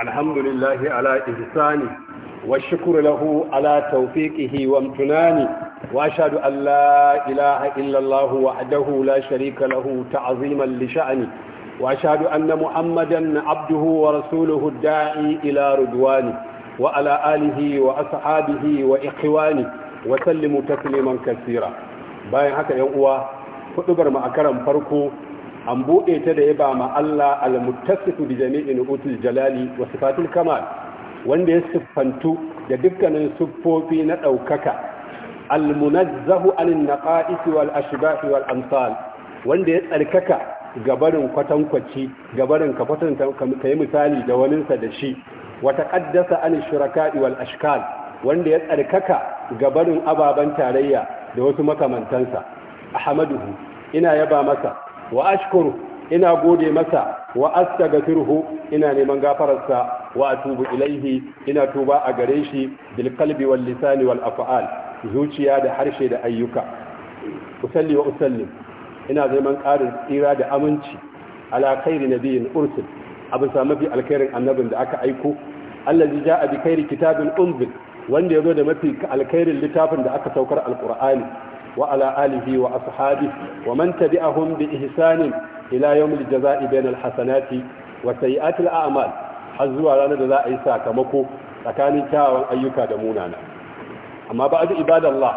alhamdulillahi ala ihsani wa shukru lahu ala tawfiqihi wa imtinani wa ashhadu an la ilaha illa Allah wahdahu la sharika lahu ta'ziman li sha'ni wa ashhadu anna muhammadan abduhu wa rasuluhu dai ila ridwani wa ala alihi wa ashabihi wa ikhwani wa sallimu tasliman katsira bayan haka yan uwa hudubar mu a karan farko an buɗe ta da yaba ma Allah al-muttasifu bi jami'i jalali wa sifatil kamal wanda ya siffantu da dukkanin siffofi na ɗaukaka al-munazzahu anin naqa'is wal ashbahi wal amsal wanda ya tsarkaka gabarin kwatankwaci gabarin ka kai misali da waninsa da shi wa taqaddasa an shuraka'i wal ashkal wanda ya tsarkaka gabarin ababen tarayya da wasu makamantansa ahmaduhu ina yaba masa wa ashkuru ina gode masa wa astaghfiruhu ina neman gafararsa wa atubu ilaihi ina tuba a gare shi bil qalbi wal lisani wal af'al zuciya da harshe da ayyuka usalli wa usallim ina zaman ƙarin tsira da aminci ala khairi nabiyyin ursul abu sa mafi alkhairin annabin da aka aiko allazi jaa bi khairi kitabin unzil wanda yazo da mafi alkhairin littafin da aka saukar alqur'ani wa wa mantabi a وعلى آله وأصحابه ومن تبعهم بإحسان إلى يوم الجزاء har zuwa ranar da za a yi sakamako tsakanin kyawawan ayyuka da munana amma ba da ibadallah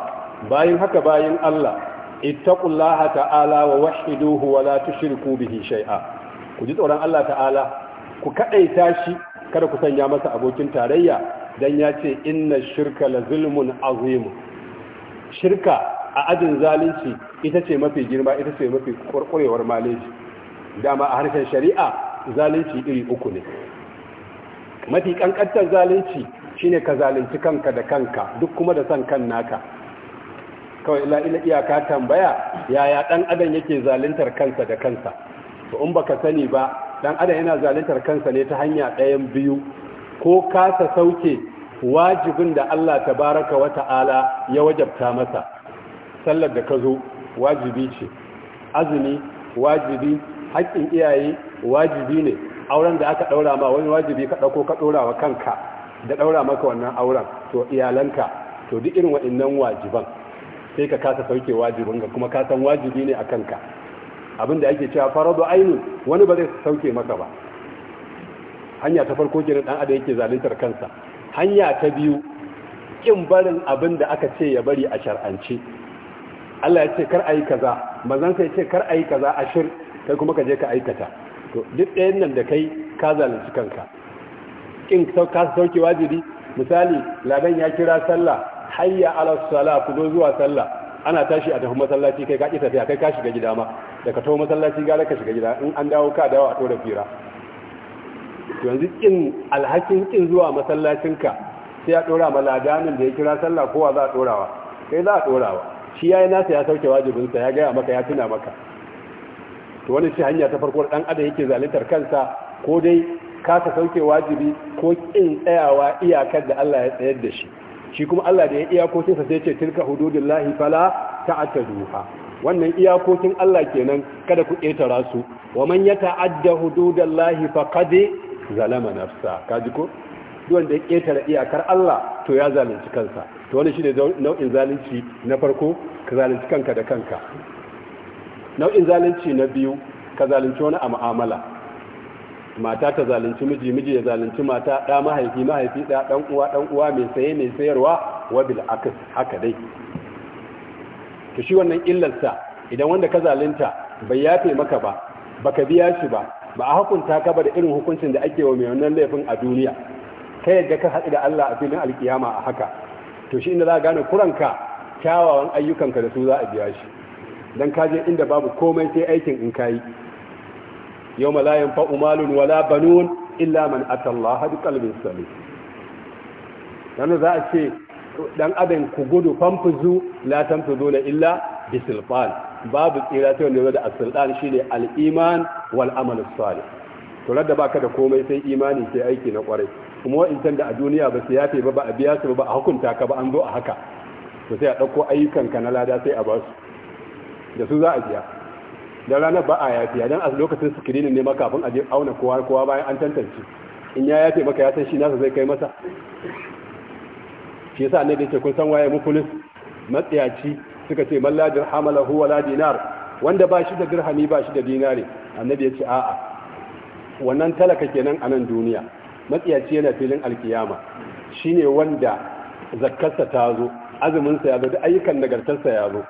bayan haka bayan Allah ittaqullaha ta'ala wa wahhiduhu wa la tushriku bihi shay'a ku ji tsoron Allah ta'ala ku kadaita shi kada ku sanya masa abokin tarayya dan ya ce inna shirka la zulmun azim shirka a ajin zalunci ita ce mafi girma ita ce mafi kwarkwarewar malinci dama a harshen shari'a zalunci iri uku ne mafi kankantar zalunci shine ka zalunci kanka da kanka duk kuma da san kan naka kawai ila ila iyaka tambaya yaya dan adam yake zaluntar kansa da kansa to in baka sani ba dan adam yana zaluntar kansa ne ta hanya ɗayan biyu ko kasa sauke wajibin da Allah tabaraka wa ta'ala ya wajabta masa sallar da ka zo wajibi ce azumi wajibi haƙƙin iyaye wajibi ne auren da aka ɗaura ma wani wajibi ka ɗauko ka ɗora wa kanka da ɗaura maka wannan auren to iyalanka to duk irin waɗannan wajiban sai ka kasa sauke wajibin ga kuma kasan wajibi ne a kanka abin da ake cewa faradu ainun wani ba zai sauke maka ba hanya ta farko ke dan adam yake zaluntar kansa hanya ta biyu ƙin barin abin da aka ce ya bari a shar'ance Allah ya ce kar ayi kaza manzon sai ya ce kar ayi kaza ashir kai kuma ka je ka aikata to duk ɗayan nan da kai ka zalunci kanka kin ka sauke wajibi misali ladan ya kira sallah hayya ala sallah ku zo zuwa sallah ana tashi a tafi masallaci kai ka ki tafiya kai ka shiga gida ma da ka tafi masallaci gara ka shiga gida in an dawo ka dawo a tora fira yanzu kin alhakin kin zuwa masallacinka sai a dora ma ladanin da ya kira sallah kowa za a dorawa kai za a dorawa shi ya yi nasa ya sauke wajibinsa ya gaya maka ya tuna maka to wani shi hanya ta farko dan adam yake zaluntar kansa ko dai kasa sauke wajibi ko kin tsayawa iyakar da Allah ya tsayar da shi shi kuma Allah da ya iyakokin sa sai ce tilka hududillahi fala ta'taduha wannan iyakokin Allah kenan kada ku ƙetara su wa man yata'adda hududallahi faqad zalama nafsa kaji ko duwan da ya ƙetare iyakar Allah to ya zalunci kansa to wani shi ne nau'in zalunci na farko ka zalunci kanka da kanka nau'in zalunci na biyu ka zalunci wani a ma'amala. mata ta zalunci miji miji ya zalunci mata ɗa mahaifi mahaifi ɗa ɗan uwa ɗan uwa mai saye mai sayarwa wa bil akas haka dai to shi wannan illarsa idan wanda ka zalunta bai yafe maka ba baka biya shi ba ba a hukunta ka ba da irin hukuncin da ake wa mai wannan laifin a duniya ka yadda ka haɗu da Allah a filin alkiyama a haka to shi inda za a gane kuranka kyawawan ayyukanka da su za a biya shi dan ka je inda babu komai sai aikin in yi, yau la yanfa'u malun wala banun illa man ata Allah bi qalbin salim za a ce dan adam ku gudu famfuzu la tanfuzuna illa bi babu tsira ta wanda da as-sultan shine al-iman wal amal salih to da baka da komai sai imani sai aiki na kwarai kuma wa'incan da a duniya ba su yafe ba ba a biya su ba a hukunta ka ba an zo a haka to sai a ɗauko ayyukan ka na lada sai a ba su da su za a biya da ranar ba a yafiya don a lokacin sikirinin ne maka kafin a je auna kowa kowa bayan an tantance in ya yafe maka ya san shi nasa zai kai masa shi yasa da ke kun san waye kulis matsiyaci suka ce man la dirhama lahu wala dinar wanda ba shi da dirhami ba shi da dinari annabi ya ce a'a wannan talaka kenan a nan duniya matsiyaci yana filin alkiyama shine wanda zakkarsa ta zo azuminsa ya zo da ayyukan nagartarsa ya zo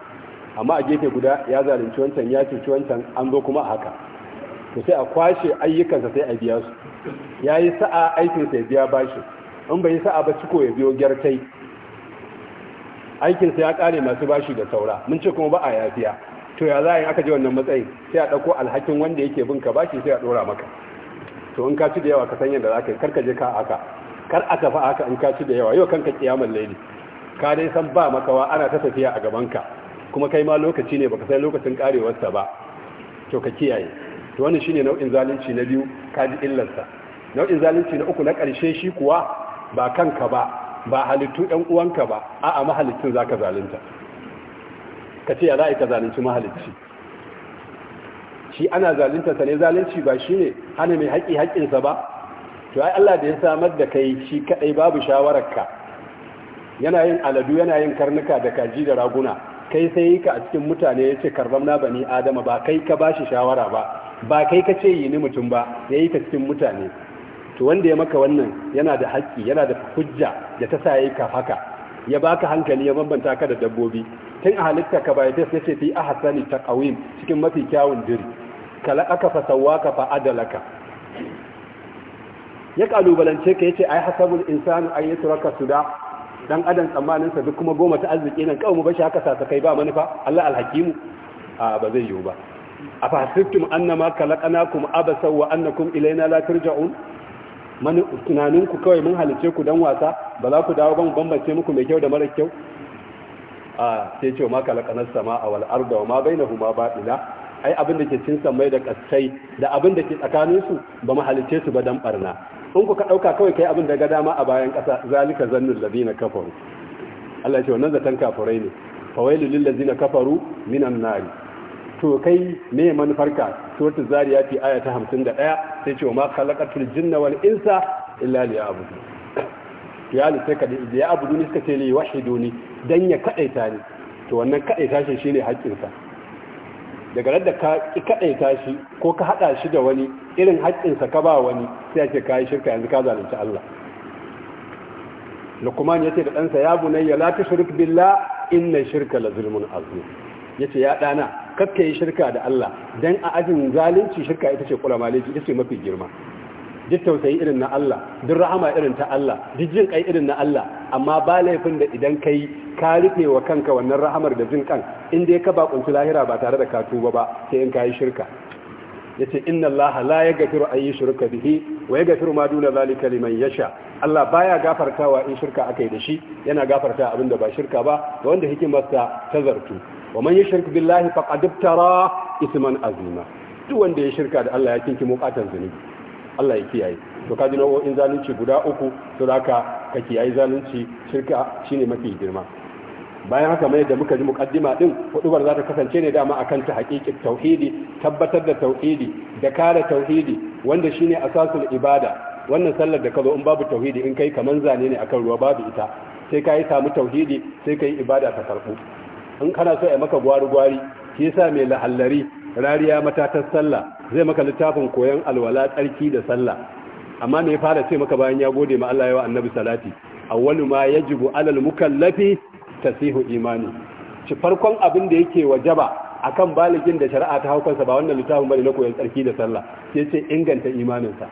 amma a gefe guda ya zalunci wancan ya cuci wancan an zo kuma a haka to sai a kwashe ayyukansa sai a biya su ya yi sa'a aikinsa ya biya bashi in bai yi sa'a ba ciko ya biyo gyartai aikinsa ya kare masu bashi da saura mun ce kuma ba a yafiya to ya za a yi aka ji wannan matsayin sai a ɗauko alhakin wanda yake bin ka bashi sai a ɗora maka to in ka ci da yawa ka san yadda za ka yi karka je ka aka kar a tafi aka in ka ci da yawa yau kanka kiyamar laili ka dai san ba makawa ana ta tafiya a gaban ka. kuma kai ma lokaci ne baka san lokacin karewarsa ba to ka kiyaye to wannan shine nau'in zalunci na biyu ka ji illarsa nau'in zalunci na uku na karshe shi kuwa ba kanka ba ba halittu ɗan uwanka ba a'a mahalittin zaka zalunta ka ce ya za ka zalunci mahalicci shi ana zalunta sa ne zalunci ba shine hana mai haƙi haƙinsa ba to ai Allah da ya samar da kai shi kaɗai babu shawararka yana yin aladu yana yin karnuka da kaji da raguna kai sai yi ka a cikin mutane ya ce karbam na bani adama ba kai ka ba shi shawara ba ba kai ka ce yi ni mutum ba ya yi ka cikin mutane to wanda ya maka wannan yana da haƙƙi yana da hujja da ta sa ya ka haka ya baka hankali ya bambanta ka da dabbobi tun a halitta ka ba ya ce fi a ta taqawim cikin mafi kyawun diri aka fasawaka fa adalaka ya kalubalance ka yace ai hasabul insanu ay yatraka suda dan adam tsammanin sa duk kuma goma ta arziki nan kawai mu bashi haka sa kai ba manufa Allah alhakimu a ba zai yiwu ba afa hasibtum annama khalaqnakum abasa wa annakum ilaina la turja'un man kawai mun halice ku dan wasa ba za ku dawo ban bambance muku mai kyau da mara kyau a sai ce ma kalakanar sama a wal arda wa ma bainahuma batila ai abin da ke cin samai da kasai da abin da ke tsakanin su ba mu su ba dan barna in ku ka dauka kawai kai abin da ga dama a bayan kasa zalika zannul ladina kafaru Allah ya ce wannan zatan kafurai ne fawailu lil ladina kafaru minan nari to kai me manufarka suratul zariya aya ta 51 sai ce ma khalaqatul jinna wal insa illa liya'budun ya sai ka da ya abudu suka ce li wahiduni dan ya kadaita ni to wannan kadaita shi shine haƙƙinsa daga da ka kaɗaita shi ko ka haɗa shi da wani irin haƙƙinsa ka ba wani sai ake kai shirka yanzu ka zalunci Allah lukman ya ce da ɗansa ya bunayya la tushrik billah inna shirka la zulmun azim ya ce ya ɗana kakkai yi shirka da Allah dan a ajin zalunci shirka ita ce kula maliki ita ce mafi girma duk tausayi irin na Allah duk rahama irin ta Allah duk jin kai irin na Allah amma ba laifin da idan kai ka rufe wa kanka wannan rahamar da jin kan in dai ka bakunci lahira ba tare da ka tuba ba sai in kai shirka yace inna Allah la yaghfiru an shirka bihi wa yaghfiru ma duna zalika liman yasha Allah baya gafartawa in shirka akai da shi yana gafarta abin da ba shirka ba da wanda hikimarsa ta zartu wa man yushrik billahi faqad tara, isman azima duk wanda ya shirka da Allah ya kinki mukatan zunubi Allah ya kiyaye to kaji nau'o'in zalunci guda uku to zaka ka kiyaye zalunci shirka shine mafi girma bayan haka mai da muka ji mukaddima din hudubar za ta kasance ne dama akan ta haƙiƙin tauhidi tabbatar da tauhidi da kare tauhidi wanda shine asasul ibada wannan sallar da kazo in babu tauhidi in kai kaman zane ne akan ruwa babu ita sai ka yi samu tauhidi sai ka yi ibada ta karbu in kana so a maka gwari-gwari shi yasa mai lahallari rariya matatar sallah zai maka littafin koyon alwala tsarki da sallah amma me ya fara ce maka bayan ya gode ma Allah yawa annabi salati awwalu ma yajibu alal mukallafi tasihu imani ci farkon abin da yake wajaba akan baligin da shari'a ta haukansa ba wannan littafin bane na koyon tsarki da sallah sai ce inganta imaninsa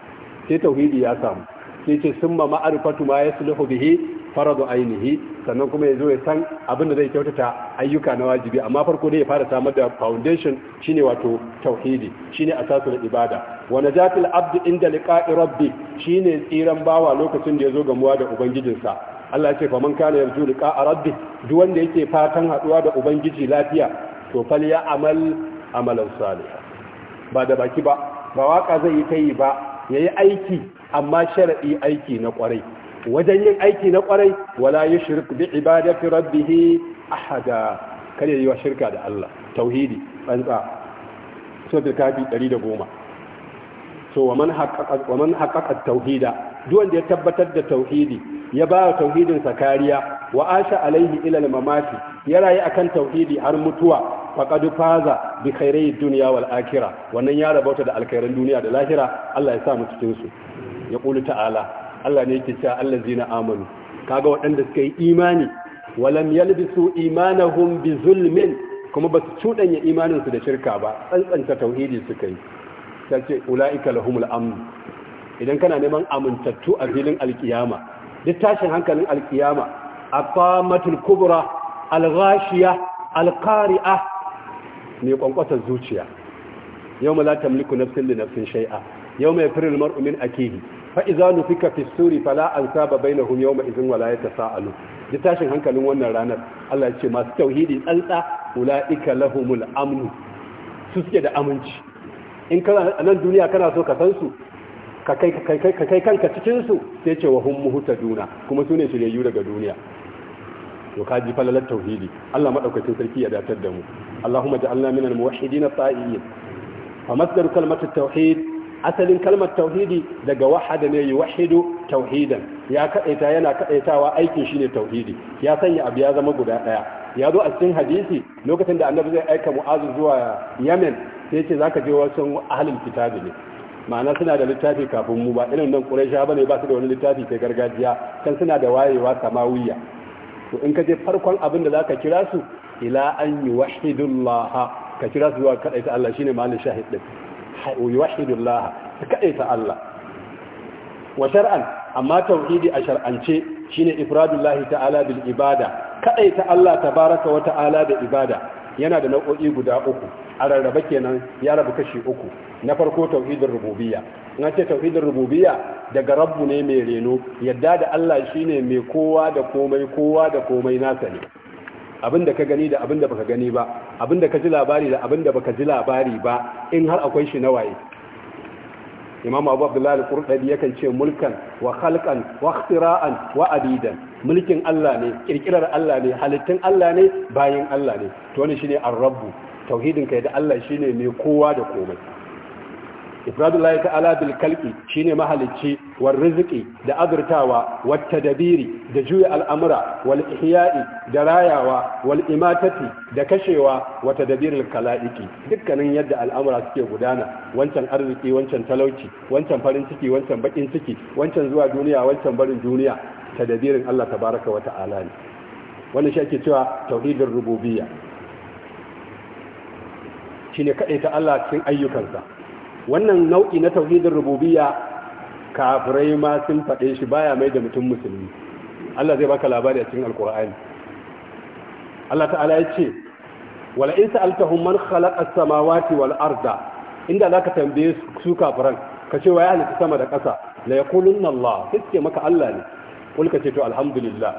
sai tauhidi ya samu sai ce summa ma'rifatu ma yasluhu bihi faradu ainihi sannan kuma ya zo ya san abin da zai kyautata ayyuka na wajibi amma farko dai ya fara samar da foundation shine wato tauhidi shine asasul ibada wa najatil abdi inda liqa'i rabbi shine tsiran bawa lokacin da ya zo muwa da ubangijinsa Allah ya ce faman kana yarju liqa'a rabbi duk wanda yake fatan haduwa da ubangiji lafiya to fal ya amal amalan salih ba da baki ba ba waka zai yi ta yi ba yayi aiki amma sharadi aiki na kwarai wajen yin aiki na kwarai wala yushrik bi ibadati rabbih ahada kada yi wa shirka da Allah tauhidi tsantsa suratul kafi 110 so wa haqqaqa wa haqqaqa tauhida duk wanda ya tabbatar da tauhidi ya ba tauhidin sa kariya wa asha alaihi ila al-mamati ya rayu akan tauhidi har mutuwa faqad faza bi khairai dunya wal akhirah wannan ya rabauta da alkhairan duniya da lahira Allah ya sa mu cikin su ya qulu ta'ala Allah ne yake cewa na amanu kaga waɗanda suka yi imani walam yalbisu imanahum bi zulmin kuma ba su cudanya imaninsu da shirka ba tsantsanta tauhidi suka yi ta ce ula'ika lahumul amn idan kana neman amintattu a filin alkiyama duk tashin hankalin alkiyama aqamatul kubra alghashiya alqari'a ne kwankwatar zuciya yau ma la tamliku nafsin li nafsin shay'a yau ma yafirul mar'u min akihi fa idza nufika fi suri fala ansaba bainahum yawma idhin wala ya ta yatasaalu da tashin hankalin wannan ranar Allah ya ce masu tauhidi tsantsa ulaika lahumul amnu su suke da aminci in kana a nan duniya kana so ka san su ka kai kanka cikin su sai ce wa hum duna? kuma sune shiryayyu daga duniya to ka ji falalar tauhidi Allah madaukakin sarki ya datar da mu Allahumma ja'alna minal muwahhidina sa'iin fa masdaru kalmatut tauhid asalin kalmar tauhidi daga wahada ne yi wahidu tauhidan ya kadaita yana kadaitawa aikin shi ne tauhidi ya sanya abu ya zama guda ɗaya, ya zo a cikin hadisi lokacin da annabi zai aika mu'azu zuwa yamen sai ce zaka je wasu ahlul kitabi ne ma'ana suna da littafi kafin mu ba irin nan quraisha bane ba su da wani littafi kai gargajiya kan suna da wayewa samawiya to in ka je farkon abin da zaka kira su ila an yuwahidullah ka kira su zuwa kadaita Allah shine ma'anar shahid din yuwahidu Allah su kaɗaita Allah wa shar'an amma tauhidi a shar'ance shine ifradullahi ta'ala bil ibada kaɗaita Allah tabaraka wa ta'ala da ibada yana da nau'o'i guda uku a rarraba kenan ya rabu kashi uku na farko tauhidin rububiyya na ce tauhidin rububiyya daga rabbu ne mai reno yadda da Allah shine mai kowa da komai kowa da komai nasa ne Abin da ka gani da abin da baka gani ba abinda ka ji labari da abin da baka ji labari ba in har akwai shi na waye imam abu abdullahi al-qurtubi yakan ce mulkan wa khalqan wa ikhtira'an wa abidan mulkin Allah ne kirkirar Allah ne halittun Allah ne bayin Allah ne to ne shine ar-rabb tauhidin kai da Allah shine mai kowa da komai ifradullahi ta'ala bil kalqi shine mahalicci war riziki da azurtawa wat tadabiri da juya al'amura wal ihya'i da rayawa wal imatati da kashewa wa al kalaiki dukkanin yadda al'amura suke gudana wancan arziki wancan talauci wancan farin ciki wancan bakin ciki wancan zuwa duniya wancan barin duniya tadabirin Allah tabaraka wa ta'ala ne wannan shi ake cewa tauhidir rububiyya shine kadaita Allah cikin ayyukansa wannan nau'i na tauhidin rububiyya kafirai ma sun faɗe shi baya mai da mutum musulmi Allah zai baka labari a cikin alkur'ani Allah ta'ala ya ce wala in sa'altahum man khalaqa as-samawati wal arda inda zaka tambaye su kafiran ka ce wa ya halitta sama da ƙasa la yaqulunna Allah sai maka Allah ne kul ka ce to alhamdulillah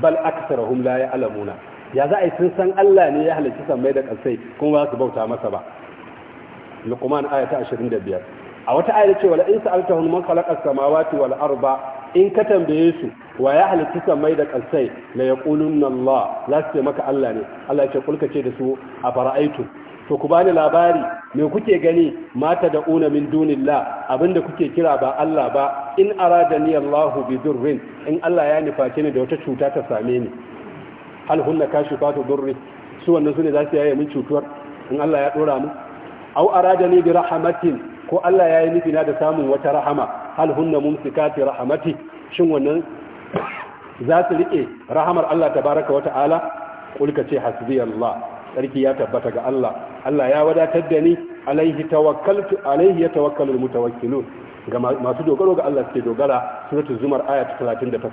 bal aktharuhum la ya'lamuna ya za a yi sun san Allah ne ya halitta sama da ƙasai kuma ba su bauta masa ba luqman aya ta 25 a wata aya ce wala in sa'altahum man khalaqa samawati wal arda in ka tambaye su wa ya halitta samai da kansai la yaqulunna Allah za su ce maka Allah ne Allah ce kulka ce da su a faraitu to ku bani labari me kuke gani mata da una min dunillah abinda kuke kira ba Allah ba in aradani Allahu bi durrin in Allah ya nuface ni da wata cuta ta same ni hal hunna kashifatu durri su wannan sune za su yaye min cutuwar in Allah ya dora mu au aradani bi rahmatin ko Allah yayi nufi na da samun wata rahama hal hunna mumsikati rahmati shin wannan za su rike rahamar Allah tabaaraka wata'ala kul ka ce hasbi Allah sarki ya tabbata ga Allah Allah ya wadatar da ni alaihi tawakkaltu alaihi yatawakkalul mutawakkilun ga masu dogaro ga Allah suke dogara suratul zumar aya 38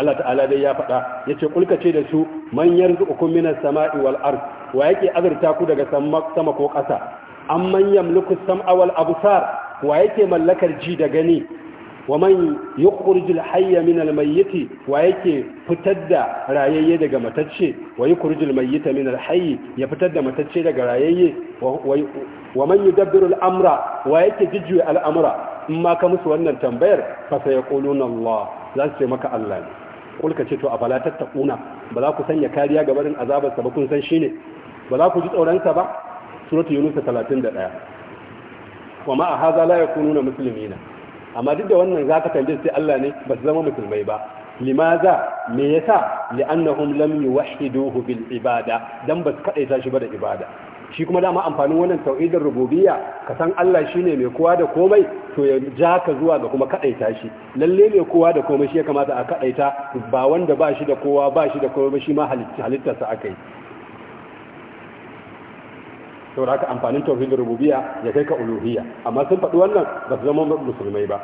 Allah ta'ala dai ya faɗa ya ce kulkace da su man yarzuqukum minas sama'i wal ard wa yake azurta ku daga sama ko ƙasa amman yamluku sam'a wal absar wa yake mallakar ji da gani wa man yukhrijul hayya min al wa yake fitar da rayayye daga matacce wa yukhrijul mayyita min al hayy ya fitar da matacce daga rayayye wa man yudabbiru al amra wa yake jijjuya al amra in ma ka musu wannan tambayar fa sayaquluna Allah za su ce maka Allah ne kulka ce to a bala tattakuna ba za ku sanya kariya ga barin azabar sa ba kun san shine ba za ku ji tsoron sa ba suratul yunus 31 wa ma hadha la yakununa muslimina amma duk da wannan zaka tambaye sai Allah ne ba su zama musulmai ba limaza me yasa annahum lam yuwahhiduhu bil ibada dan ba su kadaita shi ba da ibada shi kuma dama amfanin wannan tauhidin rububiyya ka san Allah shine mai kowa da komai to ya ja ka zuwa ga kuma kadaita shi lalle mai kowa da komai shi ya kamata a kadaita ba wanda ba shi da kowa ba shi da komai shi ma halittar sa akai to haka amfanin tauhidin rububiyya ya kai ka uluhiyya amma sun faɗi wannan ba su zama musulmai ba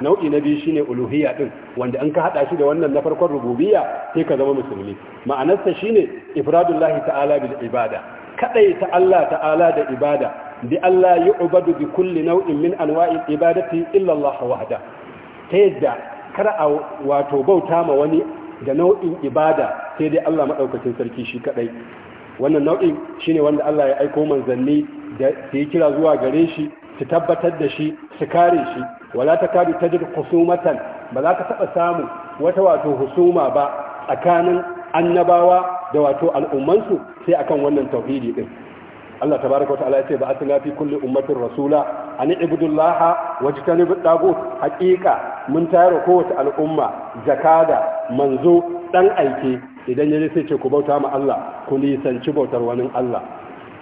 nau'i na biyu shine uluhiyya din wanda an ka hada shi da wannan na farkon rububiyya sai ka zama musulmi ma'anarsa shine ifradullahi ta'ala bil ibada ta Allah ta'ala da ibada bi Allah ubadu bi kulli nau'in min anwa'il ibadati illa Allah wahda ta yadda kar a wato bauta ma wani da nau'in ibada sai dai Allah madaukakin sarki shi kadai wannan nau'in shine wanda Allah ya aiko manzanni da su yi kira zuwa gare shi su tabbatar da shi su kare shi wala takadu tajid khusumatan ba za ka taba samu wata wato husuma ba tsakanin annabawa da wato al'ummansu sai akan wannan tauhidi din Allah tabaraka wata'ala ya ce ba asna fi kulli ummatin rasula an ibudullaha ta nufi tagut haqiqa mun tayar kowace al'umma zakada manzo ɗan aike idan yaje sai ce ku bauta ma Allah ku nisanci bautar wani Allah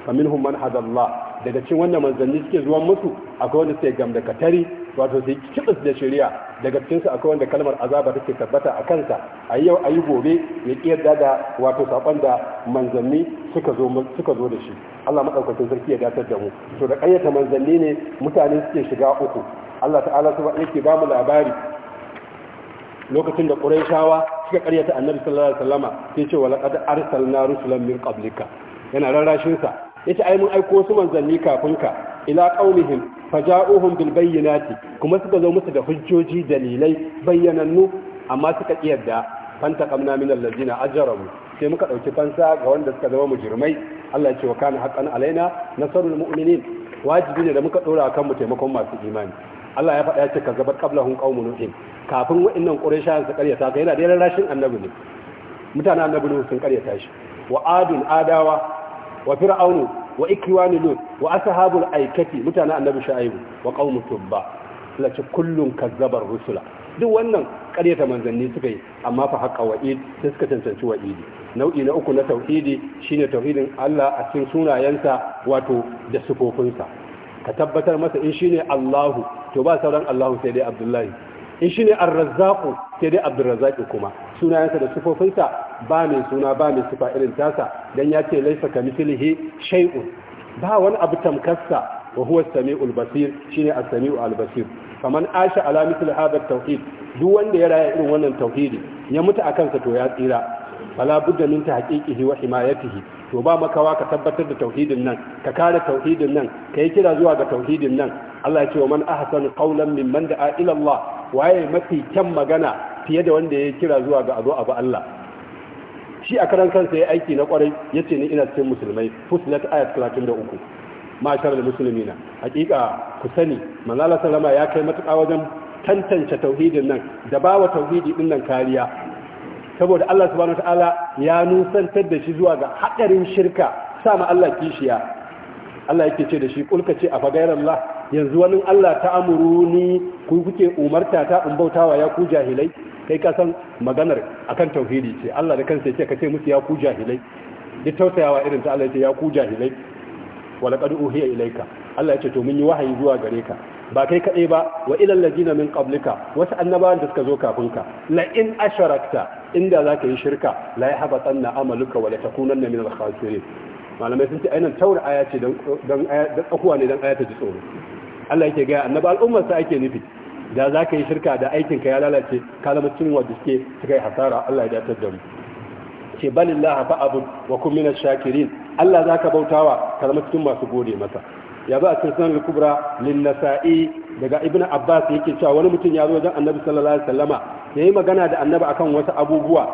faminhum man Allah daga cikin wanda manzanni suke zuwa musu akwai wanda suke gamda katari wato su kibis da shari'a daga cikin su akwai wanda kalmar azaba take tabbata a kansa a yau a yi gobe ya kiyarda da wato sakon da manzanni suka zo suka zo da shi Allah madaukakin sarki ya datar da mu to da kayyata manzanni ne mutane suke shiga uku Allah ta'ala subhanahu yake ba mu labari lokacin da Qurayshawa suka karyata Annabi sallallahu alaihi wasallama sai ce wa laqad arsalna rusulan min qablika yana rarrashin sa yace ai mun aiko su manzanni kafin ka ila qaumihim faja'uhum bil bayyinati kuma suka zo musu da hujjoji dalilai bayyanannu amma suka kiyarda fanta qamna min allazina ajrabu sai muka dauki fansa ga wanda suka zama mujrimai Allah ya ce wa kana haqqan alaina nasrul mu'minin wajibi ne da muka dora kan mu taimakon masu imani Allah ya faɗa ya ce kazzabat qablahum qaumun nuh kafin wa'annan qurayshawa su karyata ka yana da rashin annabi ne mutanen annabi sun karyata shi wa adun adawa wa fir'aunu wa ikwanu lut wa ashabul aikati mutanen annabi shaibu wa qaumu tubba lati kullun kazzabar rusula duk wannan ƙaryata manzanni suka yi amma fa wa wa'id sai suka cancanci wa'idi nau'i na uku na tauhidi shine tauhidin Allah a cikin sunayensa wato da sifofinsa ka tabbatar masa in shine Allahu to ba sauran Allahu sai dai Abdullahi in shine arrazzaku sai dai abdurrazzaki kuma sunayensa da sifofinsa ba mai suna ba mai sifa irin tasa dan ya ce laisa kamithlihi shay'un ba wani abu tamkarsa wa huwa samiul basir shine as-sami'u al-basir faman asha ala mithli hadha tauhid duk wanda ya raya irin wannan tauhidi ya mutu akan sa to ya tsira bala budda min tahqiqihi wa himayatihi to ba makawa ka tabbatar da tauhidin nan ka kare tauhidin nan ka yi kira zuwa ga tauhidin nan Allah ya ce wa man ahsanu qawlan mimman da'a ila Allah waye mafi kyan magana fiye da wanda ya kira zuwa ga azo abu Allah shi a karan kansa ya aiki na kwarai ya ce ni ina cikin musulmai fusilat ayat 33 ma da na. hakika ku sani manzala sallama ya kai matuƙa wajen tantance tauhidin nan da bawa tauhidi din nan kariya saboda Allah subhanahu wataala ya nusantar da shi zuwa ga hadarin shirka sama Allah kishiya Allah yake ce da shi kulka ce a fagayar Allah yanzu wani Allah ta amuru ni ku kuke umarta ta in bautawa ya ku jahilai kai ka san maganar akan tauhidi ce Allah da kansa yake ka ce musu ya ku jahilai duk tausayawa irin ta Allah ya ce ya ku jahilai wa laqad uhiya ilayka Allah ya ce to mun yi wahayi zuwa gare ka ba kai kadai ba wa ilal ladina min qablika wasu annabawan da suka zo kafin ka la in asharakta inda zaka yi shirka la yahbatanna amaluka wa la takunanna min al-khasirin malamai sun ce ainihin taura aya ce don akuwa ne don aya ta ji tsoro Allah yake gaya annabi sa ake nufi da za ka yi shirka da aikin ka ya lalace ka zama cikin wanda suke suka yi hasara Allah ya dace da mu ce fa fa'abud wa kun ash shakirin Allah zaka bautawa ka zama cikin masu gode masa ya ba cikin sunan al-kubra lin nasa'i daga ibnu abbas yake cewa wani mutum ya zo wajen annabi sallallahu alaihi wasallama yayi magana da annabi akan wasu abubuwa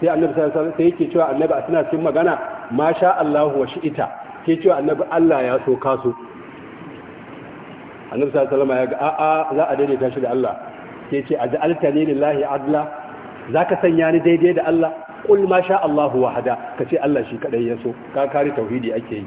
sai annabi sallallahu alaihi wasallam yake cewa annabi a suna cikin magana masha sha Allah wa shi'ita ke cewa annabi Allah ya so ka annabi sallallahu alaihi ya ga a'a za a daidaita shi da Allah sai ce ni lillahi adla zaka sanya ni daidai da Allah kul ma sha Allahu wahada kace Allah shi kadai ya so ka kare tauhidi ake yi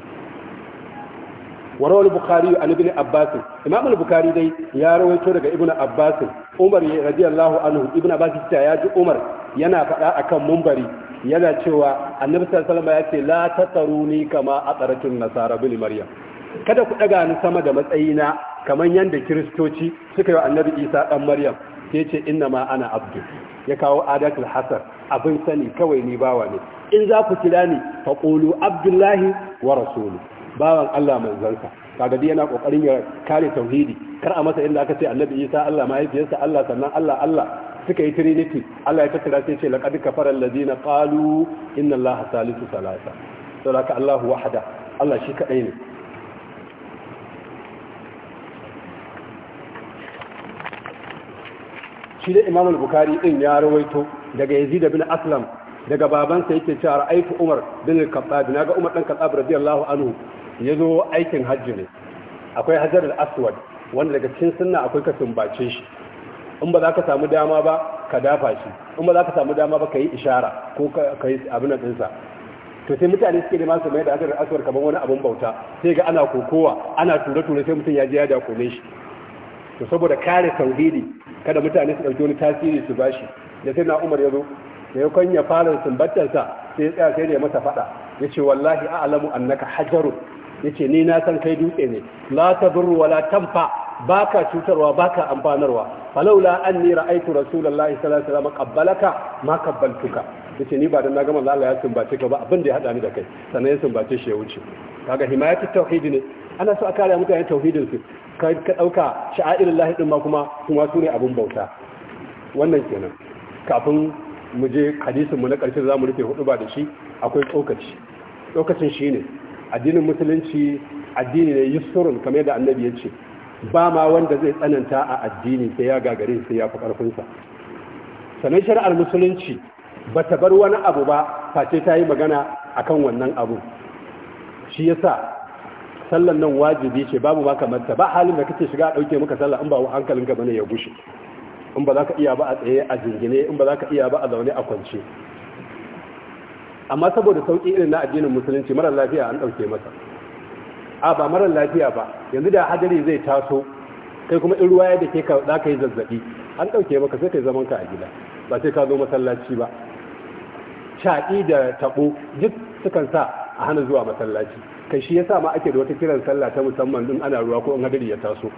bukhari an ibn abbas Imam al-Bukhari dai ya rawaito daga ibn abbas umar radiyallahu anhu ibn abbas ta ji umar yana faɗa akan mumbari yana cewa annabi sallallahu alaihi wasallam ya ce la tataruni kama ataratun nasara bil maryam kada ku daga ni sama da matsayina kamar yadda kiristoci suka yi annabi isa ɗan maryam sai ce inna ma ana abdu ya kawo adatul Hassan abin sani kawai ni bawa ne in za ku kira ni fa qulu abdullahi wa rasulu bawan Allah manzansa kaga dai yana kokarin ya kare tauhidi kar a masa inda aka ce annabi isa Allah mahaifiyarsa Allah sannan Allah Allah suka yi trinity Allah ya tattara sai ce laqad kafara allazina qalu inna allaha salisu salasa saboda Allah wahda Allah shi kadai ne shi da imamul bukari din ya rawaito daga yazid bin aslam daga babansa yake cewa ra'aytu umar bin al-khattab naga umar dan khattab radiyallahu anhu yazo aikin hajji ne akwai hajar al-aswad wanda daga cikin sunna akwai ka tumbace shi in ba za ka samu dama ba ka dafa shi in ba za ka samu dama ba ka yi ishara ko ka yi abin sa to sai mutane suke neman su mai da hajar al-aswad kamar wani abin bauta sai ga ana kokowa ana tura ture sai mutum ya je ya dakone shi to saboda kare tauhidi kada mutane su ɗauki wani tasiri su bashi da sai na umar ya zo da yakon ya fara sumbatarsa sai ya tsaya sai da ya masa faɗa ya ce wallahi a'lamu annaka hajaru. ya ce ni na san kai dutse ne la taburru wala tamfa baka cutarwa baka amfanarwa falaula anni ra'aytu rasulallah sallallahu alaihi wasallam qabbalaka ma qabbaltuka ce ni ba dan na gama Allah ya sumbace ka ba abin da ya hada ni da kai sannan ya sumbace shi ya wuce kaga himayatu tauhid ne ana so a kare mutane tauhidin su ka dauka sha'airin lahi din ma kuma kuma su ne abun bauta wannan kenan kafin mu je hadisin mu na karshe zamu rufe hudu ba da shi akwai tsokaci tsokacin shine addinin musulunci addini ne yusurun kamar da annabi ya ce ba ma wanda zai tsananta a addini sai ya gagare sai ya fi sa sannan shari'ar musulunci ba ta bar wani abu ba face ta yi magana akan wannan abu shi yasa sallan nan wajibi ce babu ba kamar ta ba halin da kake shiga a dauke maka sallah in ba hankalin ka bane ya gushe in ba za ka iya ba a tsaye a jingine in ba za ka iya ba a zaune a kwance amma saboda sauki irin na addinin musulunci mara lafiya an dauke masa a ba mara lafiya ba yanzu da hadari zai taso kai kuma in ruwa ya da ke za ka yi zazzabi an dauke maka sai kai zaman ka a gida ba sai ka zo masallaci ba shaƙi da taɓo duk sukan sa a hana zuwa masallaci kai shi yasa ma ake da wata kiran sallah ta musamman din ana ruwa ko in hadari ya taso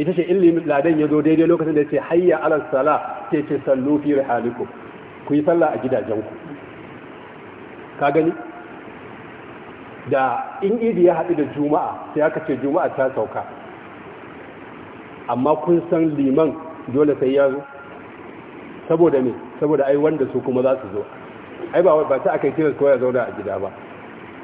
ita ce illi ladan ya zo daidai lokacin da ya ce hayya ala sala sai ce sallu fi rihalikum ku yi sallah a gidajenku ka gani da in idi ya haɗu da juma'a sai aka ce juma'a ta sauka amma kun san liman dole sai ya zo saboda me saboda ai wanda su kuma za su zo ai ba ta akai kiran kowa ya zauna a gida ba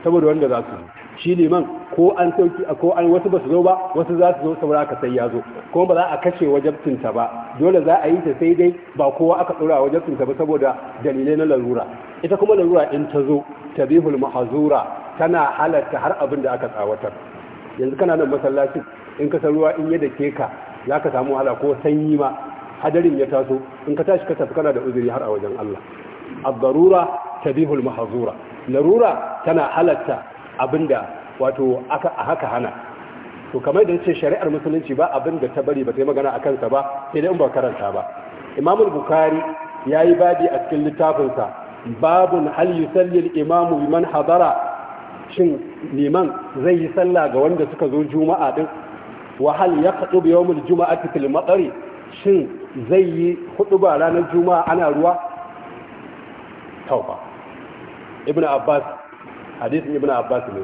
saboda wanda za su zo shi liman ko an sauki ko an wasu ba su zo ba wasu za su zo saboda aka sai ya zo kuma ba za a kashe wajabtinta ba dole za a yi ta sai dai ba kowa aka dora wajabtinta ba saboda dalilai na larura ita kuma larura in ta zo tabihul mahazura tana halarta har abin da aka tsawatar yanzu kana nan masallaci in ka san ruwa in ya dake ka za ka samu wahala ko sanyi ma hadarin ya taso in ka tashi ka tafi kana da uzuri har a wajen Allah ad-darura tabihul mahazura larura tana halatta abinda wato aka haka hana to kamar da ce shari'ar musulunci ba abin ta bari ba ta magana a kansa ba sai dai in ba karanta ba imamul Bukhari ya yi babi a cikin littafinsa babun hal yusalli al imam liman hadara shin liman zai yi sallah ga wanda suka zo juma'a din wahal ya kaɗu bi al juma'a fil matsari shin zai yi hudu ba ranar juma'a ana ruwa tauba ibn abbas hadisin ibn abbas ne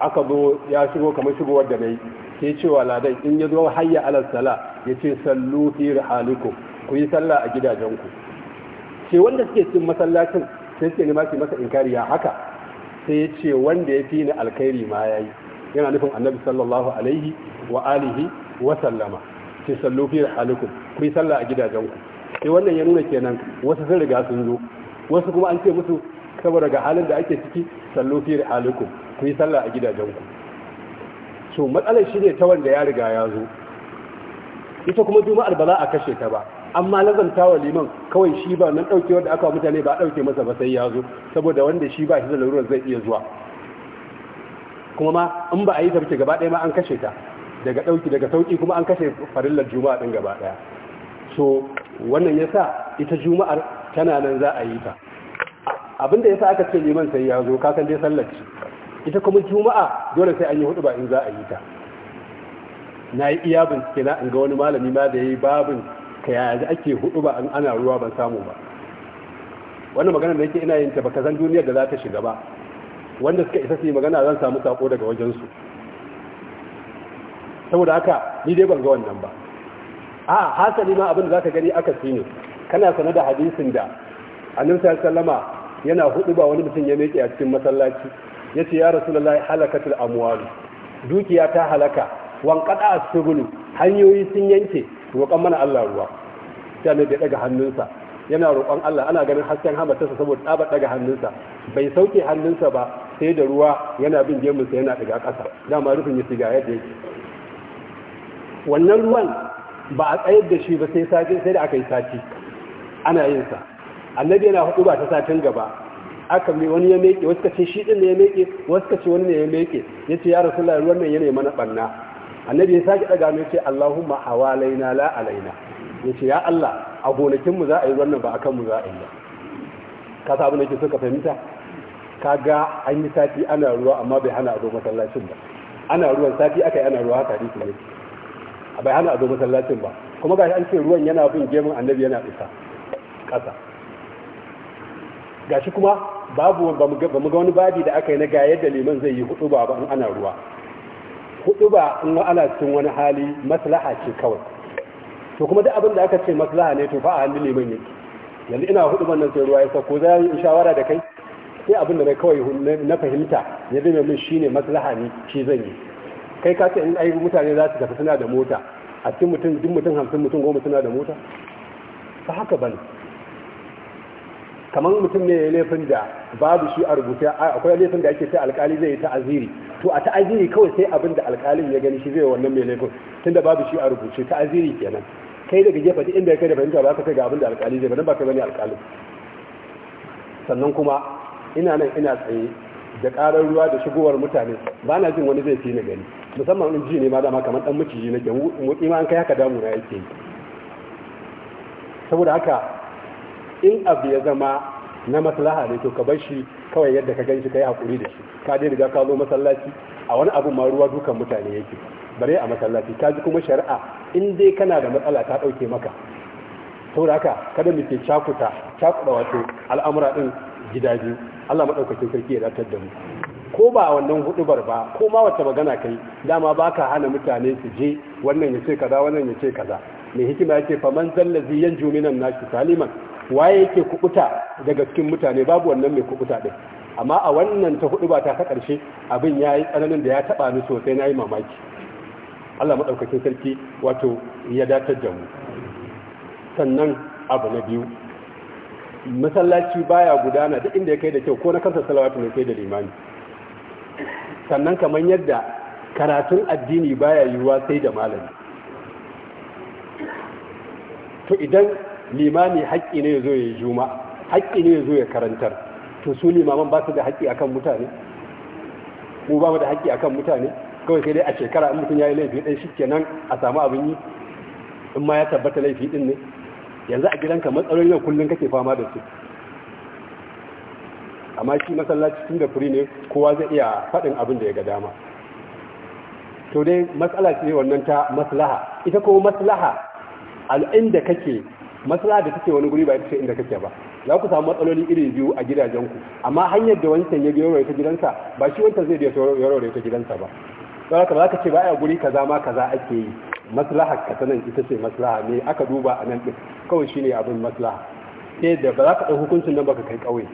aka zo ya shigo kamar shigowar da mai ke cewa ladan in ya zo hayya ala sala ya ce sallu fi rihalikum ku yi sallah a gidajenku ce wanda suke cin masallacin sai suke nema ki masa inkari ya haka sai ya ce wanda ya fi ni alkhairi ma yayi yana nufin annabi sallallahu alaihi wa alihi wa sallama ce sallu fi rihalikum ku yi sallah a gidajenku sai wannan ya nuna kenan wasu sun riga sun zo wasu kuma an ce musu saboda ga halin da ake ciki sallu fi rihalikum ku yi sallah a gidajenku so matsalar shi ne ta wanda ya riga ya zo ita kuma juma'ar ba za a kashe ta ba amma lazanta wa liman kawai shi ba nan dauke wanda aka mutane ba dauke masa ba sai ya zo saboda wanda shi ba shi da larurar zai iya zuwa kuma ma in ba a yi ta tafi gaba ɗaya ma an kashe ta daga ɗauki daga sauki kuma an kashe farillar juma'a din gaba ɗaya so wannan ya ita juma'ar tana nan za a yi ta abinda sa aka ce liman sai ya zo kakan dai sallar ita kuma juma'a dole sai an yi hudu ba in za a yi ta na yi iya bincike na in ga wani malami ma da ya yi babin ka yaya ake hudu ba an ana ruwa ban samu ba wannan magana da yake ina yin ta baka san duniyar da za ta shiga ba wanda suka isa su yi magana zan samu sako daga wajensu saboda haka ni dai ban ga wannan ba a hasali ma abin da ka gani aka ne kana sanar da hadisin da annabi sallallahu alaihi wasallama yana hudu ba wani mutum ya meke a cikin masallaci ya ce ya rasulullahi halakatul amwalu dukiya ta halaka wan kada asugulu hanyoyi sun yanke roƙon mana Allah ruwa sai ne da daga hannunsa yana roƙon Allah ana ganin hasken hamatarsa saboda ɗaba daga hannunsa bai sauke hannunsa ba sai da ruwa yana bin gemunsa yana daga ƙasa dama rufin ya shiga yadda yake wannan ruwan ba a tsayar da shi ba sai sai da aka yi sati ana yin sa annabi yana hudu ba ta satin gaba aka mai wani ya meke wasu kace shi din ne ya meke wasu kace wani ne ya meke yace ya rasulullahi ruwan nan yana mana banna annabi ya sake daga mai ce allahumma hawalaina la alaina yace ya allah a gonakin mu za a yi ruwan nan ba akan mu za a yi ba ka sa abin da yake so ka fahimta kaga an yi sati ana ruwa amma bai hana a zo masallacin ba ana ruwan sati aka yi ana ruwa haka hadisi ne bai hana a zo masallacin ba kuma ga an ce ruwan yana bin gemun annabi yana isa ƙasa gashi kuma babu ba mu ga wani babi da aka yi na ga yadda liman zai yi hudu ba in ana ruwa hudu ba in ana cikin wani hali maslaha ce kawai to kuma duk abin da aka ce maslaha ne to fa a hannun liman yake yanzu ina hudu ban nan sai ruwa ya sako za yi shawara da kai sai abin da na kawai na fahimta ya zama min shine maslaha ne shi zan yi kai ka ce in ai mutane za su tafi suna da mota a cikin mutum duk mutum hamsin mutum goma suna da mota ba haka bane kamar mutum ne ya laifin da babu shi a rubuta akwai laifin da ake sai alkali zai yi aziri to a ta'aziri kawai sai abin da alkalin ya gani shi zai wannan mai laifin da babu shi a rubuce ta'aziri kenan kai daga gefe duk inda kai da fahimta ba ka kai ga abin da alkali zai ba ba ka gani alkalin sannan kuma ina nan ina tsaye da karar ruwa da shigowar mutane ba na jin wani zai fi ni gani musamman in ji ne ma dama kamar dan miciji nake mu ma an kai haka damu na yake saboda haka in abu ya zama na maslaha ne to ka bar shi kawai yadda ka ganshi kai hakuri da shi ka dai riga ka zo masallaci a wani abu ma ruwa dukan mutane yake bare a masallaci ka ji kuma shari'a in dai kana da matsala ta dauke maka saboda haka kada mu ke cakuta cakuta wato al'amura din gidaje, biyu Allah madaukakin sarki ya datar da mu ko ba wannan hudubar ba ko ma wata magana kai dama baka hana mutane su je wannan ya ce kaza wannan ya ce kaza mai hikima yake man zallazi yanju minan nashi saliman waye yake kubuta daga cikin mutane babu wannan mai kubuta din amma a wannan ta hudu ba ta ka karshe abin yayi tsananin da ya taba ni sosai na yi mamaki Allah madaukakin sarki wato ya datar da mu sannan abu na biyu masallaci baya gudana duk inda ya kai da kyau ko na kansa salawatu ne kai da limami sannan kamar yadda karatun addini baya yiwuwa sai da malami to idan limami haƙƙi ne ya zo ya juma haƙƙi ne zo ya karantar to su limaman ba su da haƙƙi akan mutane mu ba mu da haƙƙi akan mutane kawai sai dai a shekara in mutum ya yi laifi ɗan shi nan a samu abin yi in ma ya tabbata laifi din ne yanzu a gidan gidanka matsaloli yau kullum kake fama da su amma shi masallaci tun da firi ne kowa zai iya faɗin abin da ya ga dama to dai matsala ce wannan ta maslaha ita kuma maslaha al'inda kake matsala da take wani guri ba ita ce inda kake ba za ku samu matsaloli iri biyu a gidajenku amma hanyar da wancan ya biyo ta gidansa ba shi wancan zai da ya ta gidansa ba don haka ba za ka ce ba a guri kaza ma kaza ake yi maslaha ka sanin ita ce maslaha ne aka duba a nan din kawai shine abin maslaha sai da ba za ka ɗau hukuncin nan baka kai ƙauye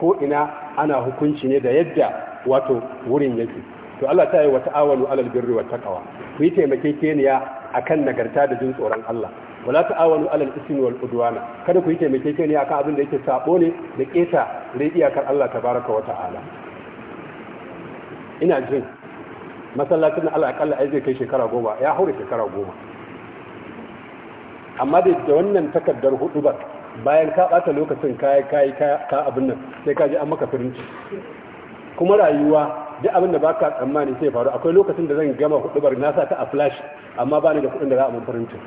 ko ina ana hukunci ne da yadda wato wurin yake to Allah ta yi wa ta'awalu alal birri wa taqwa ku yi taimake taimakekeniya akan nagarta da jin tsoron Allah wala ta'awanu alal ismi wal udwana kada ku yi ne akan abin da yake sabo ne da keta da iyakar Allah tabaraka wa ta'ala ina jin masallacin Allah akalla ai zai kai shekara goma ya haure shekara goma amma da wannan takaddar hudu ba bayan ka bata lokacin kai kai ka abin nan sai ka ji an maka firinci kuma rayuwa duk abin da baka tsammani sai faru akwai lokacin da zan gama hudubar na sa ta a flash amma ba ni da kudin da za a mun firinci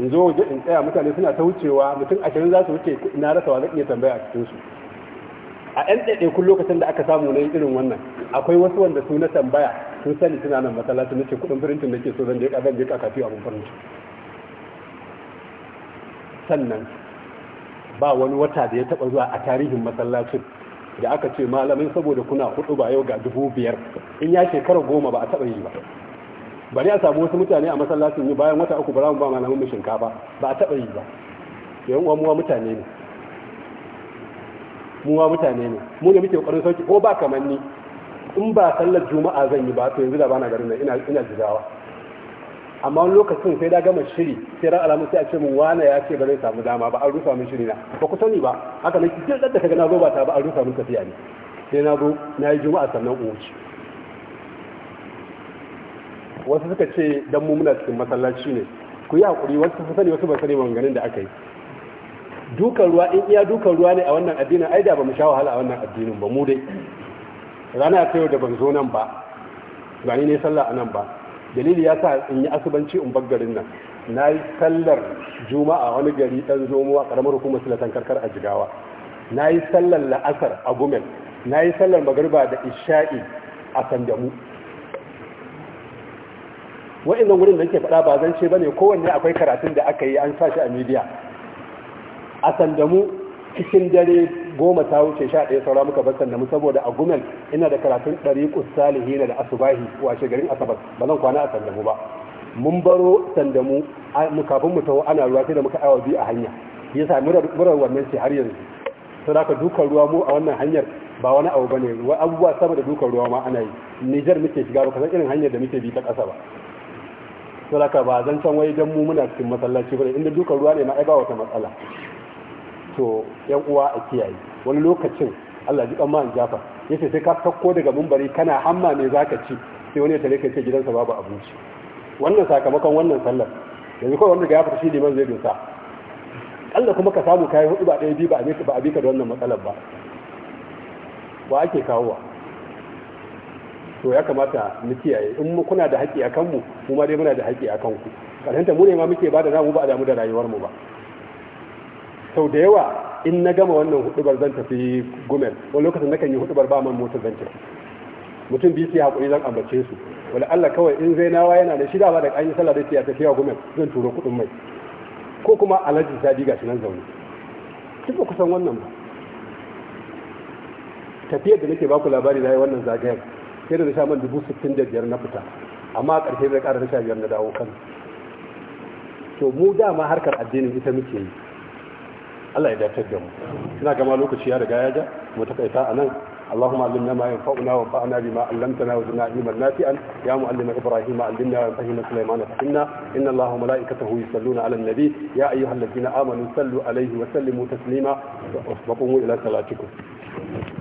in zo waje in tsaya mutane suna ta wucewa mutum ashirin za su wuce na rasa wa zan iya tambaya a cikinsu a ɗan ɗaiɗaikun lokacin da aka samu na irin wannan akwai wasu wanda su na tambaya sun sani suna nan masallaci na ce kuɗin firintin da ke so zan je ƙasan je abin firintin sannan ba wani wata da ya taɓa zuwa a tarihin masallacin da aka ce malamin saboda kuna hudu ba yau ga dubu biyar in ya shekara goma ba a taɓa yi ba bari a samu wasu mutane a masallacin yi bayan wata uku ba mu ba malamin mu shinkafa ba a taɓa yi ba yawan uwa mutane ne wa mutane ne mu ne muke kokarin sauki ko ba kamar ni in ba sallar juma'a zan yi ba to yanzu da bana garin nan ina ina jigawa amma wani lokacin sai da gama shiri sai ran alamun sai a ce mun wane ya ce ba zai samu dama ba an rusa min shiri na ba ku sani ba haka ne ki da kaga na zo ba ta ba an rusa min tafiya ne sai na zo na yi juma'a sannan in wuce wasu suka ce dan mu muna cikin masallaci ne ku yi hakuri wasu su sani wasu ba sani maganganun da aka yi dukan ruwa in iya dukan ruwa ne a wannan addinin ai da ba mu sha wahala a wannan addinin ba mu dai rana ta yau da ban zo nan ba ba ni ne sallah a nan ba dalili ya sa in yi asubanci in bar garin nan na yi sallar juma'a wani gari dan zomo a karamar hukumar silatan karkar a jigawa na yi sallar la'asar a gumel na yi sallar magarba da isha'i a sandamu wa'annan wurin da yake faɗa ba zan ce ne kowanne akwai karatun da aka yi an sa shi a media a sandamu cikin dare goma ta wuce sha ɗaya saura muka bar sandamu saboda a gumen ina da karatun ɗari salihina da asubahi wa shigarin asabar ba zan kwana a sandamu ba mun baro sandamu kafin mu taho ana ruwa sai da muka awa biyu a hanya yasa murar wannan ce har yanzu sau da dukan ruwa mu a wannan hanyar ba wani abu ba ne abubuwa sama da dukan ruwa ma ana yi nijar muke shiga ba kasan irin hanyar da muke bi ta ƙasa ba saboda ba zan can wai dan mu muna cikin masallaci ba inda dukkan ruwa ne ma ai ba wata matsala to yan uwa a kiyaye wani lokacin Allah ji kan ma'an jafa yace sai ka takko daga mumbari kana hamma ne zaka ci sai wani ya tare ka ce gidansa babu abinci wannan sakamakon wannan sallar yanzu kawai wanda ya fita shi liman zai dosa Allah kuma ka samu kai hudu ba ɗaya biyu ba a bi ka da wannan matsalar ba wa ake kawowa to ya kamata mu kiyaye in kuna da haƙƙi a kanmu mu ma dai muna da haƙƙi a kanku karanta mu ne ma muke bada namu ba a damu da rayuwar mu ba sau da yawa in na gama wannan hudubar zan tafi gumel wani lokacin na kan yi hudubar ba man motar zan tafi mutum biyu sai hakuri zan ambace su wala Allah kawai in zai nawa yana da shida ba da an yi sallah da tiya tafiya gumel zan turo kuɗin mai ko kuma alhaji diga shi nan zaune duk kusan wannan ba tafiyar da nake baku labari na yi wannan zagayen Karfe da sha man dubu su ɗan da biyar na fita, amma a ƙarshe dai ƙara na sha biyar na dawo kan, to mu dama harkar addinin ita muke yi, Allah ya daftar da mu. Sina gama lokaci ya riga ya ja, kuma ta ka'e sa'a nan. Allahumma alluhumma alli nama fahunawa ba'anabi ma allamtana wajen a'lima nafi'an. Ya mu'alima Ibrahim ma allumma fahimtar Suleiman Sihina. Inna Allahumma la'ika sahu yi sallona alannabi. Ya ayyuhu halalci na Amadu Sallu Alayhi wa salli mu taslima. Baƙo mu ilanta lacigo.